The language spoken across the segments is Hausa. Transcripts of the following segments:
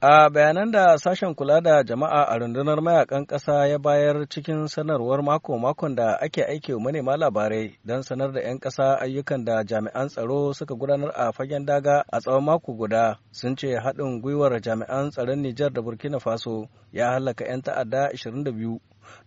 A bayanan da sashen kula da jama'a a rundunar mayakan ƙasa ya bayar cikin sanarwar mako-makon da ake aike manema labarai don sanar da 'yan ƙasa ayyukan da jami'an tsaro suka gudanar a fagen daga a tsawon mako guda sun ce haɗin gwiwar jami'an tsaron Nijar da Burkina Faso ya halaka 'yan ta'adda 22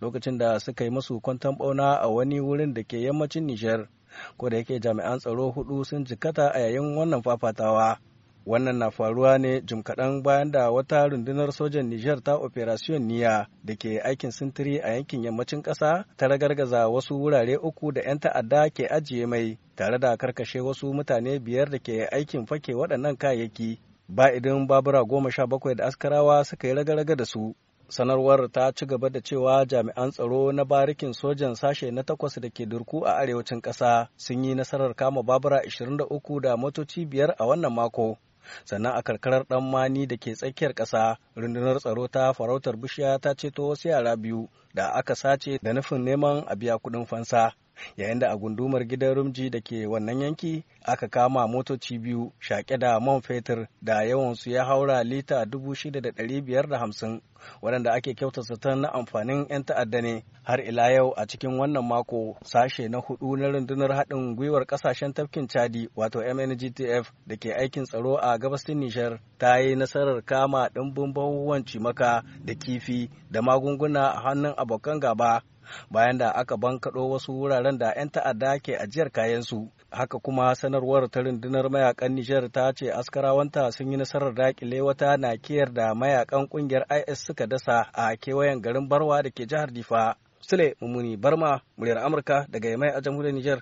lokacin da suka yi musu kwanton ɓauna a wani wurin da ke yammacin Nijar. Ko da yake jami'an tsaro hudu sun jikata a yayin wannan fafatawa. Wannan na faruwa ne jim kaɗan bayan da wata rundunar sojan Niger ta Operation Niya da ke aikin sintiri a yankin yammacin ƙasa ta ragargaza wasu wurare uku da 'yan ta'adda ke ajiye mai tare da karkashe wasu mutane biyar da ke aikin fake waɗannan kayayyaki. Ba idan babura goma sha bakwai da askarawa suka yi raga da su. sanarwar ta ci gaba da cewa jami'an tsaro na barikin sojan sashe na takwas da ke durku a arewacin ƙasa sun yi nasarar kama babura 23 da motoci biyar a wannan mako sannan a karkarar dan mani da ke tsakiyar ƙasa rundunar tsaro ta farautar bishiya ta ceto wasu yara biyu da aka sace da nufin neman a biya kuɗin fansa yayin da a gundumar gidan rumji da ke wannan yanki aka kama motoci biyu shaƙe da man fetur da yawansu ya haura lita 6,550 waɗanda ake kyauta zaton na amfanin 'yan ta'adda ne har ila yau a cikin wannan mako sashe na hudu na rundunar haɗin gwiwar ƙasashen tafkin chadi wato mngtf da ke aikin tsaro a gabasin nishar ta yi nasarar kama ɗimbin bahuwan cimaka da kifi da magunguna a hannun abokan gaba bayan da aka bankaɗo wasu wuraren da 'yan ta'adda ke ajiyar kayansu haka kuma sanarwar ta rundunar mayakan nijar ta ce askarawanta sun yi nasarar dakile wata nakiyar da mayakan ƙungiyar is suka dasa a kewayen garin barwa da ke jihar difa sule mummuni barma muryar amurka daga yamai a jamhuriyar nijar